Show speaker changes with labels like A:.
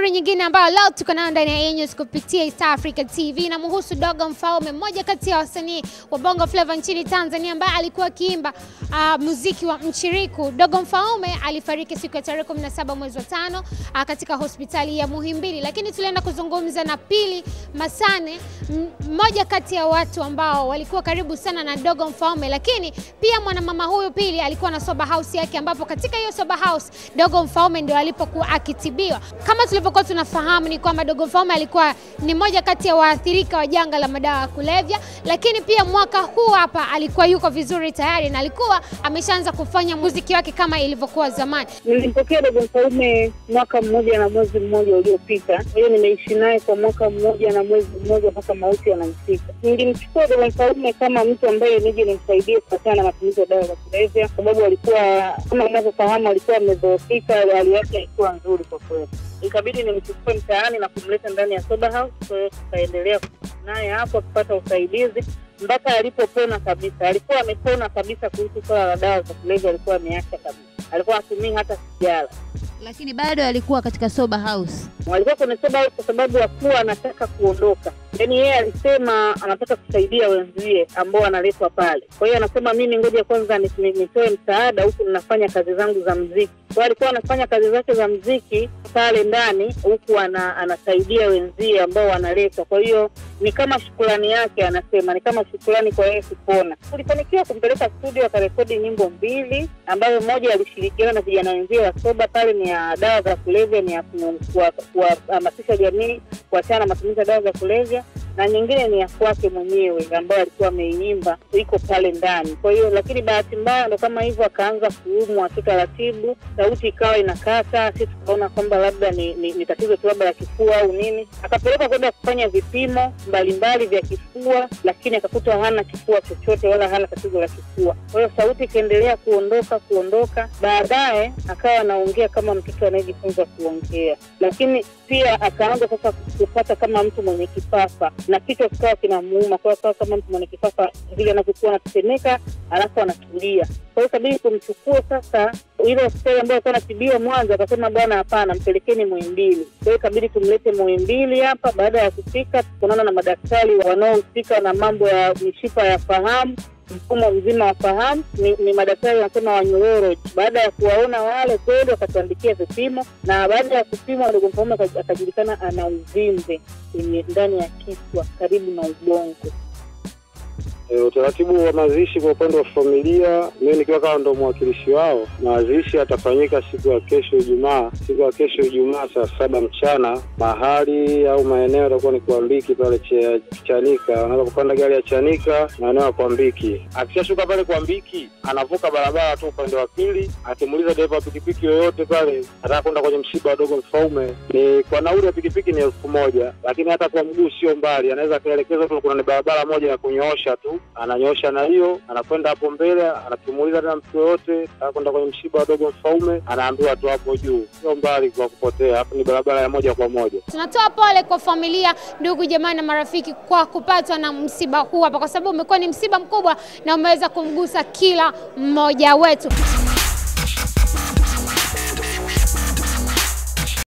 A: Stori nyingine ambayo leo tuko nayo ndani ya a kupitia East Africa TV na muhusu Dogo Mfaume, mmoja kati ya wasanii wa Bongo Flava nchini Tanzania ambaye alikuwa akiimba uh, muziki wa mchiriku. Dogo Mfaume alifariki siku ya tarehe 17 mwezi wa tano uh, katika hospitali ya Muhimbili, lakini tulienda kuzungumza na Pili Masane, mmoja kati ya watu ambao walikuwa karibu sana na Dogo Mfaume, lakini pia mwanamama huyu Pili alikuwa na soba house yake, ambapo katika hiyo soba house Dogo Mfaume ndio alipokuwa akitibiwa. Kama tulivyokuwa tunafahamu ni kwamba Dogo Mfaume alikuwa ni mmoja kati ya waathirika wa janga la madawa ya kulevya, lakini pia mwaka huu hapa alikuwa yuko vizuri tayari na alikuwa ameshaanza kufanya muziki wake kama ilivyokuwa zamani.
B: Nilimpokea Dogo Mfaume mwaka mmoja na mwezi mmoja uliopita, kwa hiyo nimeishi naye kwa mwaka mmoja na na mwezi mmoja mpaka mauti yanamfika. Nilimchukua Dr. Mfaume kama mtu ambaye nije nimsaidie kuachana na matumizi ya dawa za kulevya, kwa sababu alikuwa kama unavyofahamu, alikuwa amedhoofika, hali yake haikuwa nzuri kwa kweli. Ikabidi nimchukue mtaani na kumleta ndani ya sober house. Kwa hiyo tukaendelea naye hapo akipata usaidizi mpaka alipopona kabisa. Alikuwa amepona kabisa kuhusu swala la dawa za kulevya, alikuwa ameacha kabisa, alikuwa atumii hata sigara
A: lakini bado alikuwa katika sober house.
B: Walikuwa kwenye sober house kwa sababu wakuwa anataka kuondoka Yaani yeye alisema anataka kusaidia wenzie ambao analetwa pale. Kwa hiyo anasema mimi, ngoja kwanza nitoe msaada huku ninafanya kazi zangu za mziki. Kwa alikuwa anafanya kazi zake za mziki pale ndani, huku ana, anasaidia wenzie ambao wanaletwa. Kwa hiyo ni kama shukrani yake, anasema ni kama shukrani kwa yeye kupona. Tulifanikiwa kumpeleka studio akarekodi nyimbo mbili, ambayo moja alishirikiana na vijana wenzie wa soba pale, ni ya dawa za kulevya, ni ya kuhamasisha jamii kuachana na matumizi ya dawa za kulevya na nyingine ni ya kwake mwenyewe ambayo alikuwa ameiimba iko pale ndani. Kwa hiyo lakini bahati mbaya ndo kama hivyo, akaanza kuumwa tu taratibu, sauti ikawa inakata. Sisi tukaona kwamba labda ni, ni, ni tatizo tu labda la kifua au nini. Akapelekwa kwenda kufanya vipimo mbalimbali vya kifua, lakini akakuta hana kifua chochote wala hana tatizo la kifua. Kwa hiyo sauti ikaendelea kuondoka kuondoka, baadaye akawa anaongea kama mtoto anayejifunza kuongea, lakini pia akaanza sasa kupata kama mtu mwenye kifafa na kichwa kikawa kinamuuma. Kwa sababu kama mtu mwenye kifafa vile anavyokuwa anatetemeka, alafu anatulia. Kwa hiyo ikabidi kumchukua sasa, ile hospitali ambayo alikuwa anatibiwa Mwanza akasema bwana, hapana, mpelekeni mwimbili Kwa hiyo ikabidi tumlete Muhimbili hapa. Baada ya kufika, tukaonana na madaktari wanaohusika na mambo ya mishipa ya fahamu mfumo mzima wa fahamu ni, ni madaktari wanasema wa neurology. Baada ya kuwaona wale kweli, wakatuandikia vipimo, na baada ya kupimwa ndugu Mfaume akajulikana ana uvimbe ndani ya kichwa karibu na ubongo.
C: E, utaratibu wa mazishi kwa upande wa familia, mimi nikiwa kama ndo mwakilishi wao, mazishi yatafanyika siku ya kesho Ijumaa, siku ya kesho Ijumaa saa saba mchana. Mahali au maeneo yatakuwa ni Kwambiki pale ch Chanika, anaweza kupanda gari ya Chanika maeneo ya Kwambiki. Akishashuka pale Kwambiki anavuka barabara tu upande wa pili, akimuuliza dereva wa pikipiki yoyote pale anataka kwenda kwenye msiba wadogo Mfaume, ni kwa nauli ya pikipiki ni elfu moja, lakini hata kwa mguu sio mbali, anaweza akaelekeza tu, kuna ni barabara moja ya kunyoosha tu ananyosha na hiyo, anakwenda hapo mbele, anatumuliza na mtu yoyote anakwenda kwenye mshiba wadogo Mfaume, anaambiwa tu hapo juu, sio mbali kwa kupotea, hapo ni barabara ya moja kwa moja.
A: Tunatoa pole kwa familia, ndugu, jamaa na marafiki kwa kupatwa na msiba huu hapa, kwa sababu umekuwa ni msiba mkubwa na umeweza kumgusa kila mmoja wetu.